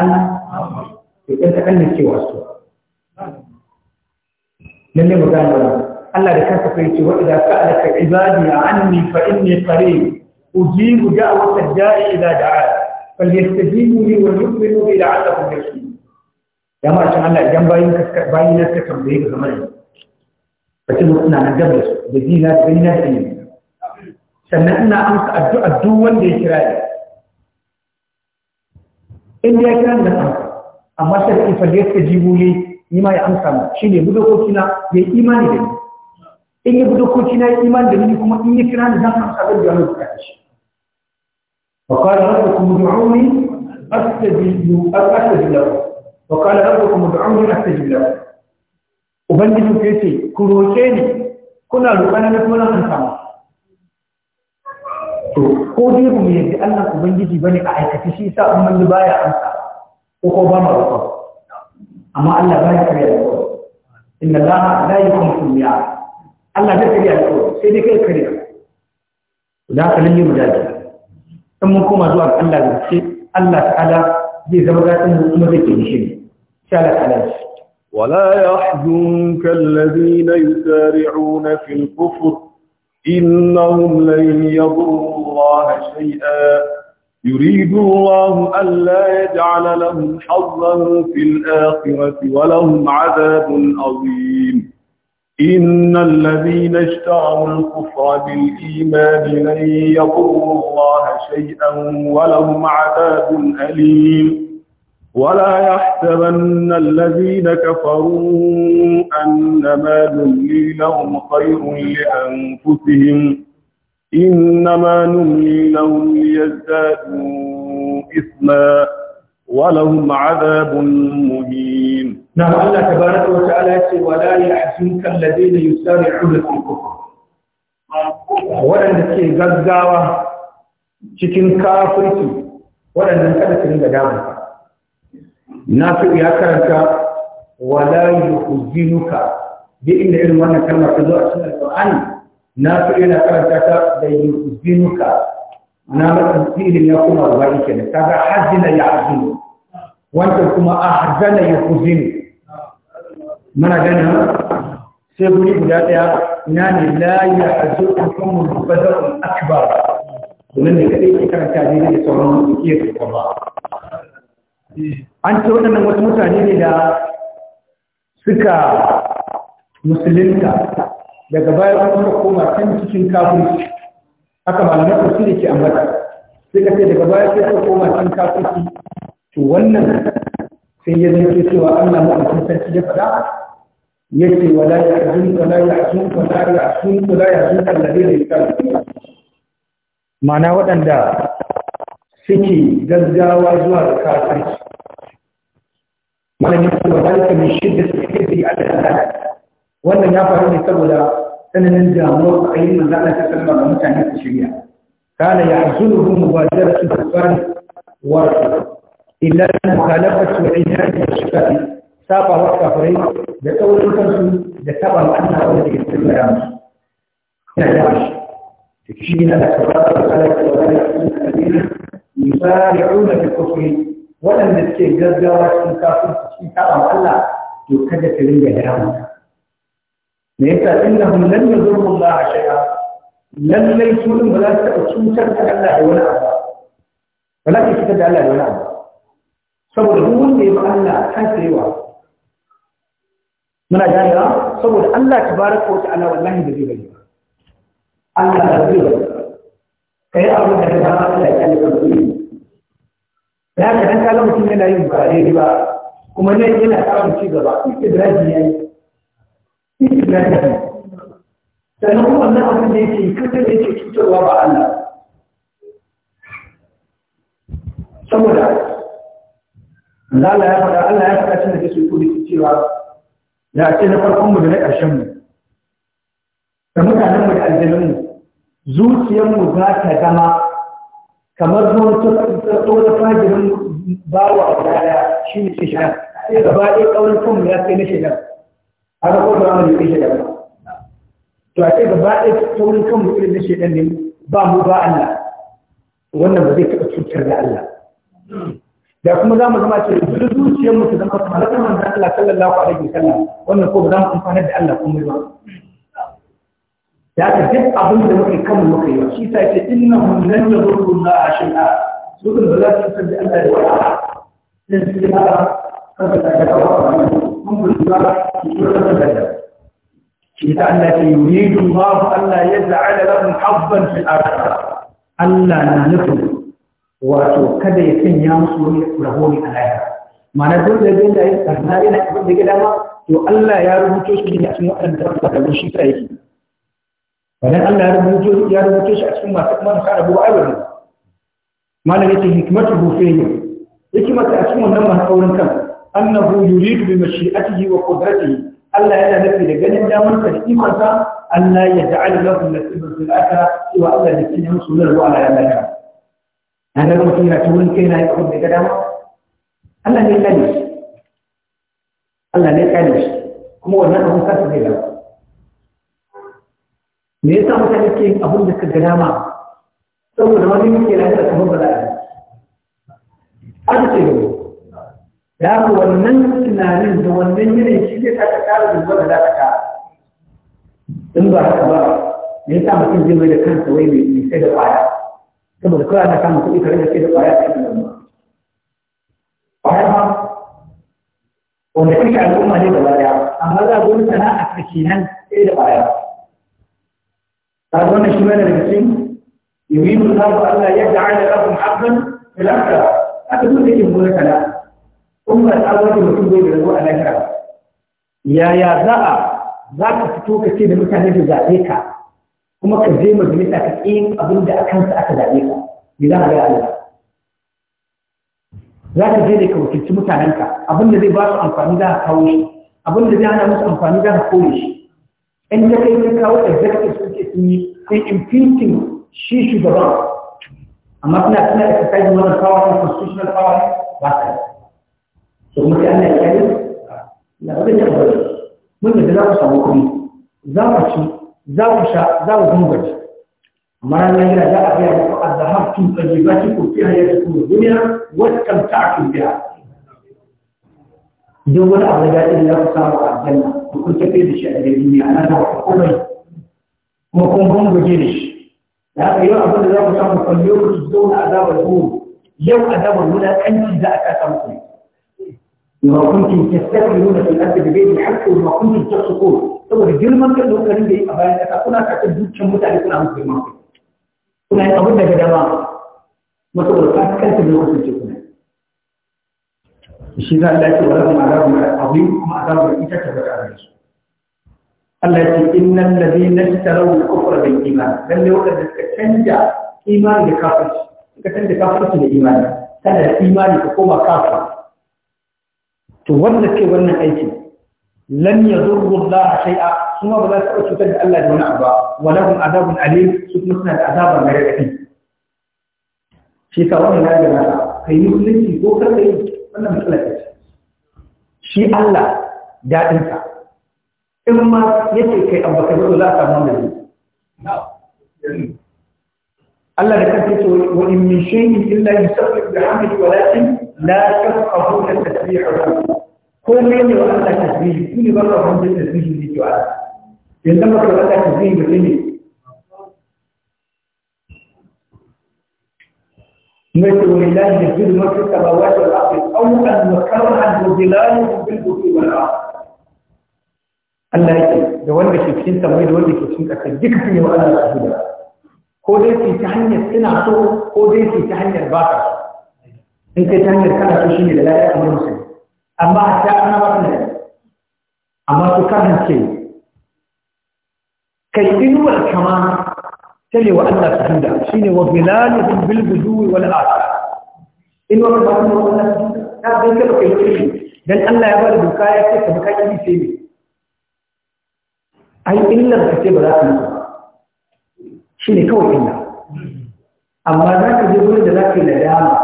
Allah to dan ta kallon cewa su lalle mu gane wannan Allah da kansa fa ce, wa idza sa'alaka ibadi a anni fa inni qareeb ujibu da'wata da'i idza da'a falyastajibu li wa yu'minu bi la'allahum yashkurun da Allah shi. Ya idan bayin ka bayin ka tambaye ka zaman فكذلك قلنا عن جبل بدينا بينا فيه سنة قلنا الدول لإسرائيل إن دي أكيان من أنصر أما سيد كيف يستجيبوا لي إما شيني بدو كوتنا يأي إيمان دي إني بدو كوتنا يأي إيمان دي لكم إني كنان دي أنصر دي أنصر دي وقال ربكم ادعوني أستجيب أستجيب وقال ربكم ادعوني أستجيب له ubangiji sai ce ku roke ni kuna roƙon na kuma an samu to ko dai mu yadda Allah ubangiji bane a aikata shi sa umman baya amsa ko ko ba ma roƙo amma Allah baya kare da roƙo inna Allah la yukhlifu kulliya. Allah ya kare da roƙo sai dai kai kare da haka nan ne mu dace in mun koma zuwa Allah da ce Allah ta'ala zai zama gatin mu kuma zai kishi shi Allah ta'ala
ولا يحزنك الذين يسارعون في الكفر إنهم لن يضروا الله شيئا يريد الله ألا يجعل لهم حظا في الآخرة ولهم عذاب عظيم إن الذين اشتروا الكفر بالإيمان لن يضروا الله شيئا ولهم عذاب أليم ولا يحسبن الذين كفروا أنما نملي لهم خير لأنفسهم إنما نملي لهم ليزدادوا إثما ولهم عذاب مهين نعم الله تبارك وتعالى
ولا يحزنك الذين يسارعون في الكفر waɗanda ke gaggawa cikin kafirci waɗanda kada su ringa damar nafi ya karanta wala yuhzinuka duk inda irin wannan kalmar ta zo a cikin alqur'ani nafi yana karanta ta da yuhzinuka ana maka tsirin ya kuma rubai kenan ga hazina ya hazinu wancan kuma a ahzana yuhzinu mana gani sai guri guda daya na ne la ya hazukum badal akbar to ne kadai ke karanta ne da sauran su ke ba an ce waɗannan wasu mutane ne da suka musulinta daga bayan wasu suka koma can cikin kafirci haka malamar ku da ke ambata sai ka sai daga bayan suka koma can kafirci to wannan sai ya zai cewa Allah na mutum sarki ya fada ya ce wala ya azun wala ya azun wala ya azun wala ya azun da ya yusallu ma'ana waɗanda suke gaggawa zuwa da kafirci malamin kuma zalika mai shidda su suke fi a da wannan ya faru ne saboda tsananin damuwar a yi manzo Allah ta sallama ga mutane su shirya kana ya zuru hun da yahzuluhum mubadaratu kufar wa illa mukhalafatu wa inadi shukati saba wa kafirai da tsaurin kansu da taba Allah wanda ke tsaya musu ina da shi shi ne da kafarar da Allah ta sallama ga mutane yusari'una fil kufri waɗanda suke gaggawa cikin kafirci cikin ta'am Allah to kada ka ringa damu me yasa innahum lan yadurru Allah shay'a lallai su ba za su taɓa cutar da Allah da wani abu ba za su cutar da Allah da wani abu saboda duk wanda ya ba Allah ta tsayewa muna ganewa saboda Allah tabaraka wa ta'ala wallahi da zai bari Allah da zai bari kai abin da ka ba Allah ya kalli kan da haka dan kaga mutum yana yin ba daidai ba kuma nan yana samun ci gaba istidraji ya yi istidraji sannan kuma wannan abin da yake kasar da yake cutarwa ba Allah saboda Allah ya faɗa Allah ya faɗa cikin da su kudi cewa ya ce na farkon mu da na ƙarshen mu da mutanen mu da aljanun zuciyar mu za ta zama kamar ruwan tsoron fajirin bawa a daya shi ne shi shidan sai gaba ɗaya ƙaurin kanmu ya kai na shidan a ga kodin amma ne shidan ba to a sai gaba ɗaya ƙaurin kanmu irin na shidan ne ba mu ba Allah wannan ba zai taɓa cutar da Allah da kuma za mu zama ce duk zuciyar mu ta zama kamar da Allah sallallahu alaihi wasallam wannan ko ba za mu amfana da Allah kuma ba ya ka duk abin da muke kan muka yi shi ta ce inna hun lan yadurru la ashina su da za su san da Allah ya wada sai su yi haka kan da ta ga wannan mun ku da shi da da shi ta Allah ya yuridu Allah Allah ya ja'ala lahum habban fil akhirah Allah na nufin wato kada ya sanya musu wani rabo ne a lahira ma'ana duk da yadda ya karna ina abin da gida ma to Allah ya rubuto shi ne a cikin waɗanda ta faɗa shi ta yake wannan Allah ya rubuto ya rubuto shi a cikin masu kuma ka rabu ai malam yake hikmatu fi ne hikmatu a cikin wannan mahaurin kan annahu yuridu bi mashi'atihi wa qudratihi Allah yana nufi da ganin daman sa da ikon sa Allah ya ta'ala lahu nasiban fil akhirah wa Allah ya kiyaye musu da ruwa ala yalaka ana ga mutum yana cikin kai na abin da dama Allah ne kane Allah ne kane kuma wannan abin kansa zai lafa me yasa mutane ke yin abin da ka ga dama saboda wani muke lafiya kamar ba za a yi aka ce ya ku wannan tunanin da wannan yanayin shi zai taka kara da zuwa da za ka in ba haka ba me yasa mutum zai mai da kansa wai mai sai da kwaya saboda kawai ana samun kuɗi kare da sai da kwaya a cikin nan kwaya ma wanda kake al'umma ne gaba daya amma za a zo sana'a ta kenan sai da kwaya هذا وانا شمال الجسم يريد الله ألا يجعل لكم حقا في الآخرة هذا كل شيء يقول لك لا ثم الأول يكون بين الأول لك يا يا زاء ذاك فتوك كثير من كان ذلك kuma ka je majalisa ka abin da a kansa aka zaɓe ka me za ka ga Allah za ka je ne ka wakilci mutanenka abin da zai ba amfani za ka kawo shi abin da zai hana musu amfani za ka kore shi in da kai sun kawo executive sun sun yi sun impeaching shi shugaban amma suna suna exercise wannan power ne constitutional power ba ta yi so kuma sai Allah ya yi na ba zai taɓa mun da za ku samu kuɗi za ku ci za ku sha za ku kuma gaji amma ranar gida za a biya muku azahar tun tsaji ba ki ku fiye su kuma duniya wata a biya duk wani abu da ya ku samu a aljanna ku kun tafi da shi a gari ne ana da komai kuma kun gungaje da shi da haka yau abin da za ku samu kan lokaci zauna azabar zuwa yau azabar wulaƙanci za a kasa muku
ma kuntum
tastakbiruna fil ardi bighayri al-haqqi wa ma kuntum tafsukun saboda girman kan dokarin da yi a bayan kasa kuna kasar dukkan mutane kuna musu girman kuna yin abin daga dama masu da kanta da wasu ce kuna shi za Allah ya ce wa lahum azabun azim kuma azabun ita ta zaka da su Allah ya ce innal ladina ishtaraw al-kufra bil iman lalle wanda suka canja imani da kafirci suka canja kafirci da imani tana da imani ka koma kafir to wanda ke wannan aikin lan yadurru Allah shay'a kuma ba za su cutar da Allah da wani abu ba wa lahum azabun alim su kuma suna da azaba mai radadi shi ka wannan ya ga kai musulunci ko kar kai wannan matsala ce shi Allah daɗinsa in ma yake kai abubakar za a samu wannan ne Allah da kanta ce wa in min shay'in illa yusabbihu bihamdihi walakin la tafqahuna tasbihahu ko ne ne wa Allah tasbihi ba ka hanta tasbihi ne to Allah yanzu ba ka Allah ne مثل ولله في المسجد التبوات والعقيد أولا وكرها وظلاله في البكي والعقيد الله في دوان بشيكشين تمويد دوان بشيكشين أكيد ديك فيه وأنا لا أهدى هو دي في تحنية سنة طول هو دي في تحنية الباقة انت تحنية كان تشيني للا يأكل نفسي أما حتى أنا ما أبنى أما تكرن شيء كي إنو الكمان تلي وأن تجودا شين وظلال بالبدو والآخر إن وقت ما قلنا كان ذلك لكي يجري دل أن لا يبال بكاية كتبكا يجري سيبي أي إن لم تكتب لا تنسى شين كو إنا أما ذاك جبول ذلك لدعام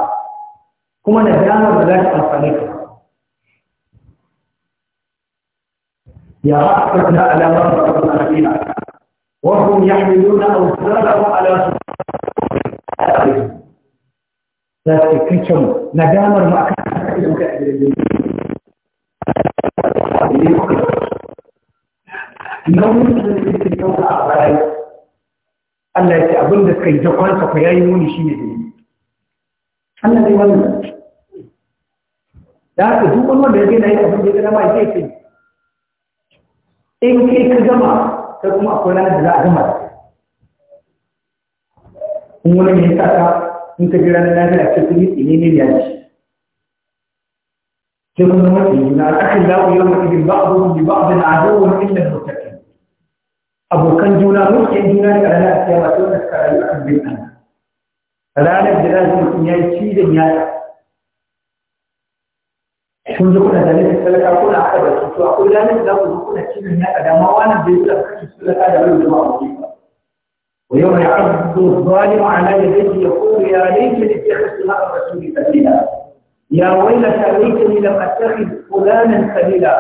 كما ندعام ذلك الفريق يا أحسن على ما تقولنا فينا وهم يحملون أوزارهم على ذلك ندامر ما Allah ya ce abin da kai jakonsa ku yayi muni shi ne Allah ne wannan da haka duk wanda ya gina yin abin da ya gina ma ya ce in kai ka gama sai kuma akwai ranar da za a gama da in wani ne ya in ka ranar lafiya ce sun yi ne ya ci sai kun na al'akin za yi wani ibin ba abu bi ba abu na ado wani illar abokan juna mukiyan juna ne a a kiyama sai wanda rayu a kan bin ranar da za su mutum ya yi cizon ya kun zo kuna zane da talaka kuna aka da su to akwai ranar da ku zo kuna cinin ya kada ma wannan bai da kashi talaka da wani jama'a ku ba wa yau mai abdu zalimu ala yadihi yaqulu ya laita li takhsu ma rasuli sabila ya waylata laitani lam attakhid fulanan sabila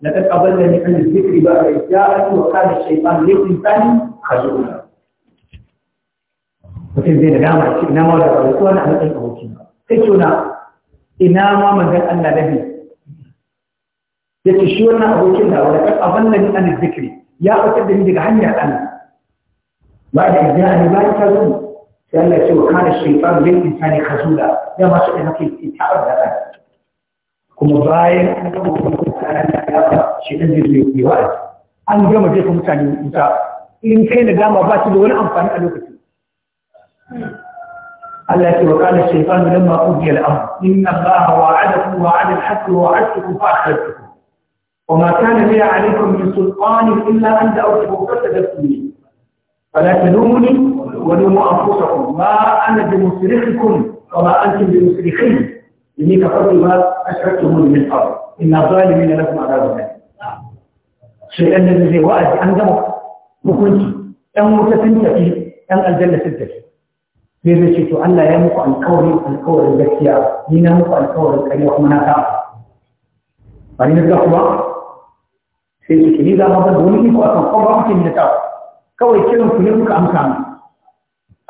لقد أضلني عن الذكر بعد إذ جاءني وكان الشيطان للإنسان خجولا mutum zai da dama ce ina ma da rautuwa na halittar abokin ba sai ce na ina ma manzan Allah nabi ya ce shi wannan abokin da wani kan abin nan an zikiri ya fitar da ni daga hanyar Allah ba da izini ba ta zo sai Allah ya ce wa kana shaytan lil insani khazula ya ma shi da kake ta'ar da kai kuma bayan an gama hukuncin tsarin da ya ba shi dan zai zo yi wa an gama jefa mutane wuta in kai na dama ba shi da wani amfani a lokacin التي وقال الشيطان لما قضي الأمر إن الله وعدكم وعد الحق ووعدتكم فأخذتكم وما كان لي عليكم من سلطان إلا أن دعوتكم فاستجبتم فلا تلوموني ولوموا أنفسكم ما أنا بمصرخكم وما أنتم بمصرخين إني كفرت ما أشركتموني من قبل إن الظالمين لكم عذاب أليم شيئا الذي وأدي أن دمك مكنتي أن متسنتك أن الجنة تنتهي sai zai ce to Allah ya muku alkawarin alkawarin gaskiya ni na muku alkawarin kariya kuma na ta ba ni na kuma sai su ke za mu da wani iko akan kuma ba mutum da ta kawai kiran ku ne muka amsa mu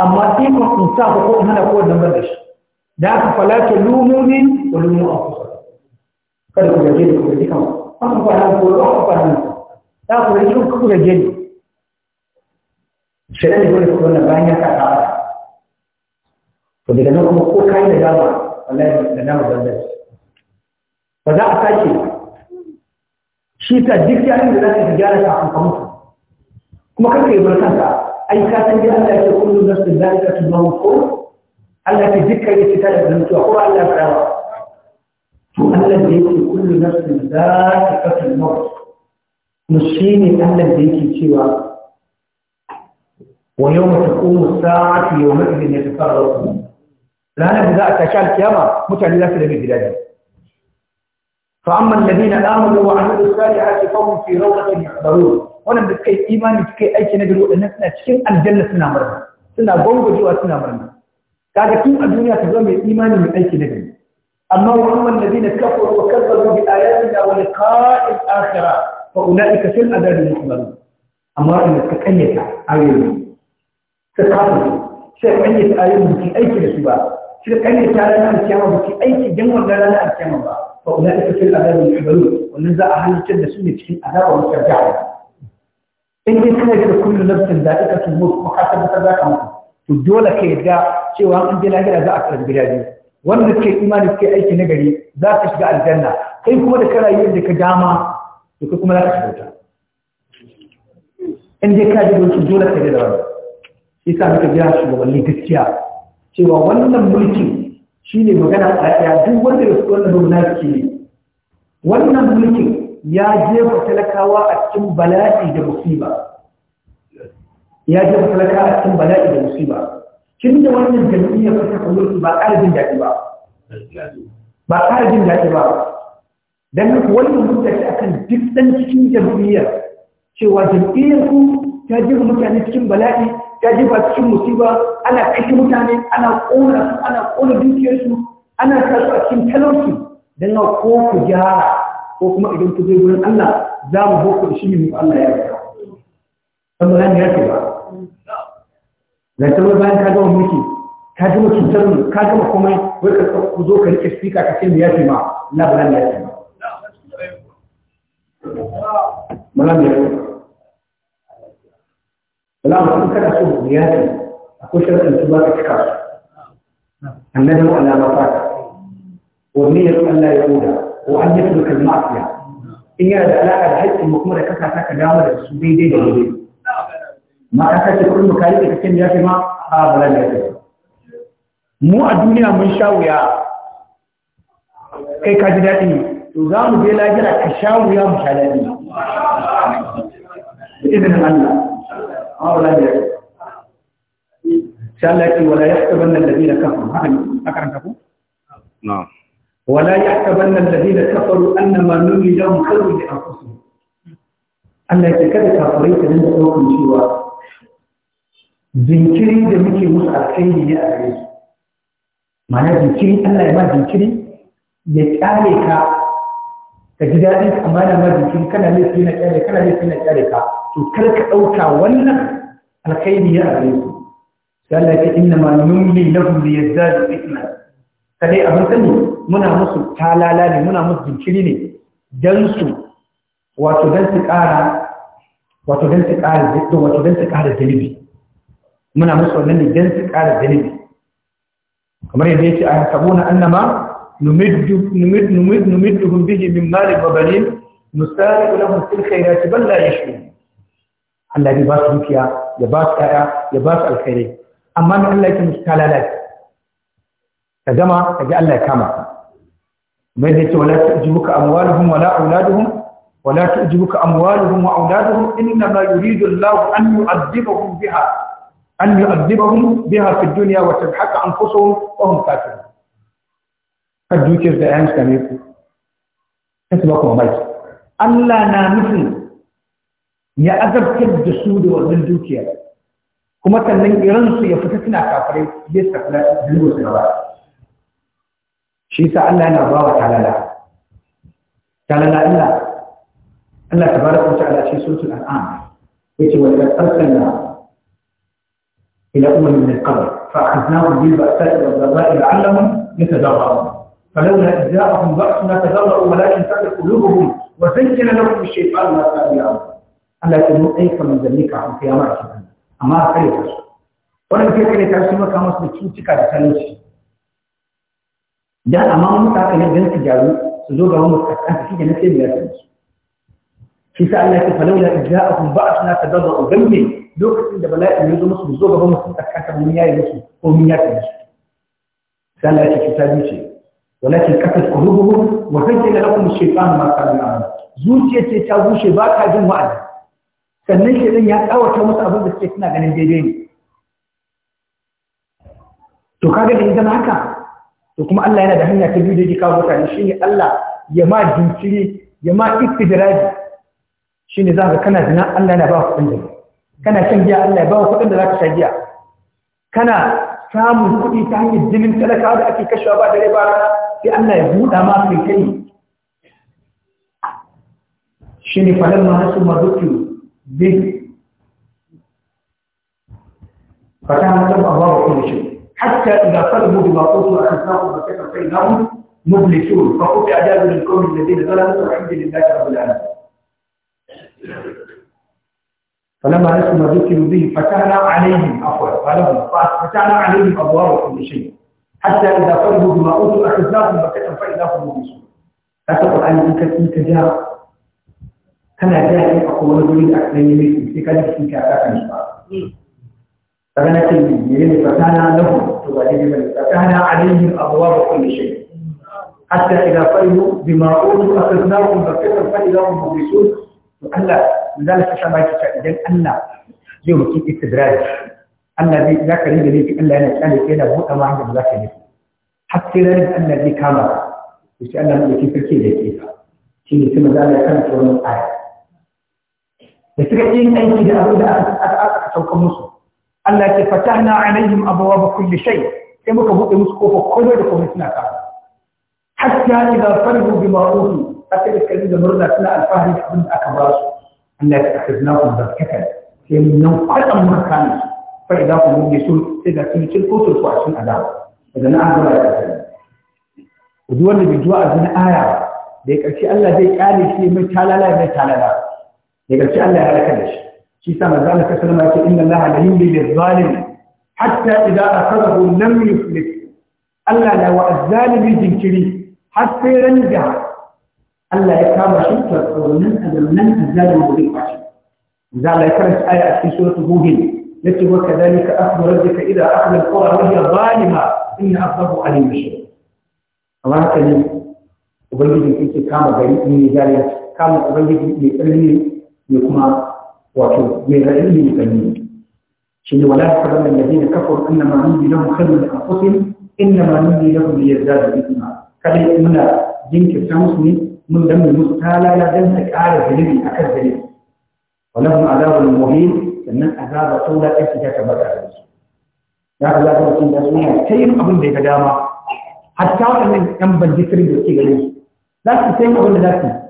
amma iko in sa ku ko hana ko da bar da shi da aka fala ta lumuni wa lumu afusa kada ku gaje da ku gaje kan an ku fara ko an ku fara da ku gaje ku ku gaje ne shi ne dole ku wannan bayan ya ka to daga nan kuma ko kai da dama wallahi da dama ban da ba za a sake shi ta duk yayin da za ka gyara ta amfani kuma kanka yi barkanka ai ka san dai Allah ya kullu nafsin zalika tumawu ko Allah ya dukkan ya fita da mutuwa ko Allah ya fara to Allah da yake kullu nafsin zalika tumawu mushini Allah da yake cewa wa yawma taqumu as-sa'atu yawma idhin yatafarraqun ranar da za a tashi alkiyama mutane za su da gidaje فأما الذين آمنوا وعملوا الصالحات فهم في روضة يحضرون wannan da suka yi imani suka yi aiki na gari waɗannan suna cikin aljanna suna murna suna gwangwajewa suna murna kaga tun a duniya ka zama mai imani mai aiki na gari amma wa amman ladina kafaru wa kazzabu bi ayatina wa liqa'il akhirah fa ulaika fil adabi muhdarun amma wanda suka kanyata ayoyi suka kafa sai kanyata ayoyi ba aiki da su ba suka kanyata ranar alkiyama ba aiki dan wannan ranar alkiyama ba فأولئك في العذاب يحبلون na أهل الجنة سنة في العذاب والمرجع إن كان كل نفس ذائقة الموت وحسب ذاك موت الدولة كيدا cewa an je lahira za a karbi gida biyu wanda ke imani ke aiki na gari za ka shiga aljanna kai kuma da kana yi da ka dama to kuma za ka shiga in dai ka ji wasu dole ka sa shugabanni cewa wannan mulki shine magana a tsaya duk wanda ya su wannan munafiki ne wannan mulkin ya jefa talakawa a cikin bala'i da musiba ya jefa talakawa a cikin bala'i da musiba kin da wannan jami'a ta kafa mulki ba ƙara jin daɗi ba ba ƙara jin daɗi ba dan haka wannan mutane akan duk dan cikin jami'ar cewa jami'ar ku ta jefa mutane cikin bala'i yaji ba cikin musiba ana kashe mutane ana ƙona su ana ƙona dukiyarsu ana sa su a cikin talauci don na ko ku gyara ko kuma idan ku zai wurin Allah za mu boko da shi ne Allah ya yarda amma ya ce ba da ta bayan ka gama mulki ka gama cutar mu ka gama komai wai ka ku zo ka rike speaker ka ce me ya ce ma na ba ya ce ba Malam ya ce الأمر إن كان سوء نياتي أكون شرط انتباه إشكار الندم على ما فات والنية أن لا يقولها وأن يترك المعصية إن يرد على الحج المكمرة كفا تاك دامر السودي دي دي ما أكاد تكون مكالبة كتن يا جماعة آه بلا يا mu a duniya mun sha wuya kai ka ji daɗi to za mu je lajira ka sha wuya mu sha daɗi da izinin Allah Wala ba za mu yarda sha Allah ya ce wala yahtabanna alladhina kafaru haka ne a karanta ku na'am wala yahtabanna alladhina kafaru annama nuri lahum khairun li anfusihim Allah ya ce kada kafirai ta dinga ɗaukan cewa jinkiri da muke musu alkhairi ne a gare su ma'ana jinkiri Allah ya ma jinkiri ya kyale ka ka ji daɗin amma da ma jinkiri kana laifi na kyale kana laifi na kyale ka to kar ka ɗauka wannan alkhairi ya gare su sai inna ma numli lahum li yazdadu ithma sai abin sani muna musu talala ne muna musu jinkiri ne dan su wato dan su ƙara wato dan su ƙara ziddo wato dan su ƙara dalibi muna musu wannan ne dan su ƙara dalibi kamar yadda yace a sabuna annama numiddu numiddu numiddu bihi min mali wa banin nusari lahum fil khairati bal la yashurun Allah ya ba su dukiya ya ba su ƴaƴa ya ba su alkhairai amma na Allah yake musu talalaci ka gama ka ji Allah ya kama mai da yake wala tu'jibuka amwaluhum wala auladuhum wala tu'jibuka amwaluhum wa auladuhum inna ma yuridu Allah an yu'adhibahum biha an yu'adhibahum biha fi dunya wa tadhaka anfusuhum wa hum kafirun ka dukiyar da ƴaƴan su ne ku sai ba ku mamaki Allah na nufin ya azabtar da su da wannan dukiyar kuma sannan iransu ya fita suna kafirai ya tafi duk wasu gaba shi sa Allah yana ba wa talala talala Allah Allah tabaraka wa ta'ala shi suratul an'am yace wa laqad arsalna إلى أمم من قبل فأخذناهم بالبأساء والضراء لعلهم يتضرعون فلولا إذ جاءهم بأسنا تضرعوا ولكن تقل قلوبهم وزين لهم الشيطان ما كانوا يعملون ألا تنو أي فلم ذلك عن في أمر سبحانه أما خير عشر ولم في خير عشر سوى كما سنتشوتك على سنوش جاء أما مطاع إلى جنس جارو سزوغ هم أسأل في جنس لا سنوش في سأل لك فلولا إجاءهم بعثنا تدرعوا بمي لوك ولكن كفت قلوبهم وفجل لكم الشيطان ما قال لهم زوجي تتاوشي باكا جمعنا sannan shi shedan ya kawata musu abin da suke suna ganin daidai ne to kaga da idan haka to kuma Allah yana da hanya ta biyu da yake kawo mutane shine Allah ya ma jinkiri ya ma istidraji za ka kana zina Allah yana ba ku kuɗin da kana shan giya Allah ya ba ku kuɗin da za zaka sha giya kana samun kuɗi ta hanyar jinin talakawa da ake kashewa ba dare ba rana sai Allah ya buɗa ma kai kai shine falan ma hasu ma zukiyu به فكان لهم أبواب كل شيء حتى إذا قلبوا بما قوتوا أخذناهم فكتب فإنهم مبلسون فقلت جاز للكون الذين ظلموا والحمد لله رب العالمين فلما نسوا ما ذكروا به فتحنا عليهم عفوا فلما فتحنا عليهم ابواب كل شيء حتى اذا طلبوا بما اوتوا اخذناهم بكة فاذا هم مبلسون هذا القران ان كان جاء kana da ya a kowane guri da aka yi mai sai ka jiki ka ka kan shi ba kana ce ne ne fatana lahu to ba dai ba fatana alaihim abwab kulli shay hatta idza falu bima ulu akhadnahum fa kayfa falu mubisun to Allah zalika sama ki ta idan Allah zai mutu istidraj Allah zai zaka rinda ne Allah yana tsare kai da buɗa ma hanyar zaka ne hatta ran Allah zai kama shi Allah ne ke farke da ke shi ne kuma zalika kan wannan aya هناك yake kike yin aiki حتى إذا فرضوا بمعروفه أكد الكريم مرنا سنة هناك من أكبر أنك أخذناهم بذكة لأنه قد أمر كان فإذا هم يسول إذا كنت تلقوا تلقوا عشان أدام إذا نعم ولا يتكلم ودول اللي بجواء ذن آية ديك أشياء الله ديك آلي شيء من تالالا من تالالا ya gaci Allah ya halaka da shi shi sa manzo Allah sallallahu alaihi wasallam inna Allah la yumli lil zalim hatta idza akhadahu lam yuflih Allah la wa az jinkiri har sai Allah ya kama shi ta tsoron azalman azalimi da kwaci manzo Allah ya karanta aya a cikin suratul huhin yace wa kadhalika akhdhu rabbika idza akhadha al wa hiya zalima inna akhdahu alim shadid amma haka ne ubangiji yake kama gari in ya zalunci kama ubangiji mai tsarni ne kuma wato mai raɗi ne gani shi ne wala ta zama da zai kafa inna ma nuni lahum khairun li anfusihim inna ma nuni lahum li yazdadu ithma kada muna jinkirta musu ne mun dan mu musu talala dan ta ƙara a zalimi akan zalimi walahum azabun muhin sannan azaba ta wula ta ta baka da su ya Allah ta mutum da su ne ta yin abin da ya ga dama hatta wannan yan bandikirin da suke gare su za su sai abin da za su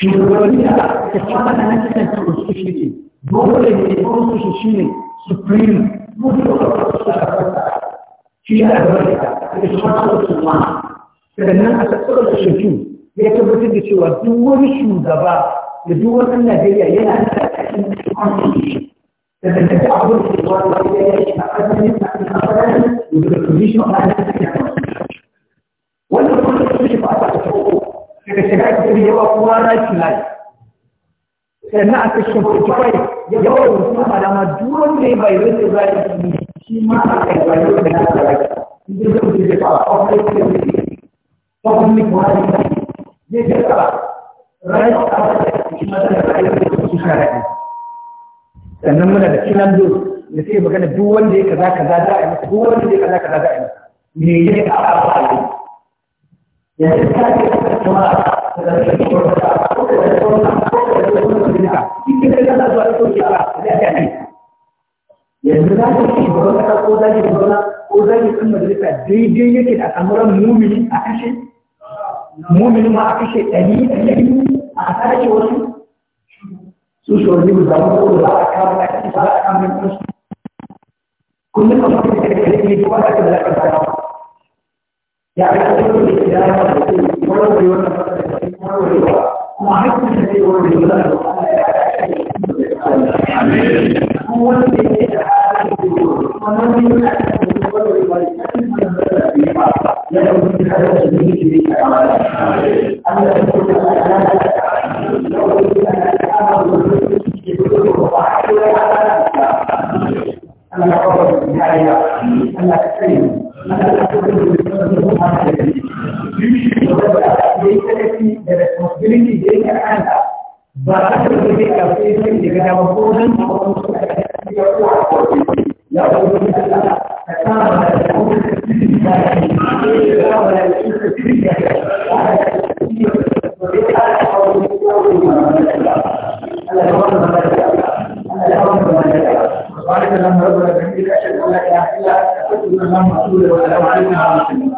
shugabanni da wannan na
cikin constitution ne dole ne constitution shi ne supreme mutu da wasu da shi ya da wani da shi ma su su ma sannan a tsakar da shi ya tabbatar da cewa duk wani shugaba da duk wani Najeriya yana da cikin constitution sannan da abin da ya wani ya yi a asalin a cikin asalin da constitution a cikin constitution wannan constitution ba ta daga shari'a ta yawa sannan a yawa da su duwan da ya bai rasa zai shi ma kai da da ba kai da kuma ne da a da da sannan muna da kinan do da sai magana duk wanda ya kaza kaza za a yi duk wanda ya kaza kaza za a yi ya ka ba yanzu za ka ci gaba kasa ko zagi gaba ko zagi kan majalisa daidai yake da al'amuran mumini a kashe mumini ma a kashe ɗari ɗari a kashe wasu su shi wani guda ko da a kama a kashe ba a kama na su kullum a mafi da kare ne ko a kashe da za ka fara ya kashe da ya kashe da ya kashe warware wata matsala da warwarewa kuma haƙƙin da zai warware wata matsala kuma wanda ya da halin da wanda ya da halin
da warwarewa da cikin matsala da ya ba ya da wani kada da zai ke da ya ba Allah ya kuma da alaƙa da ya wani da alaƙa da wani da ke da wani ba a kowa ya ba Allah ya kuma
da ya Allah ya kuma da responsibility da a kan da
zai dama ko Gracias.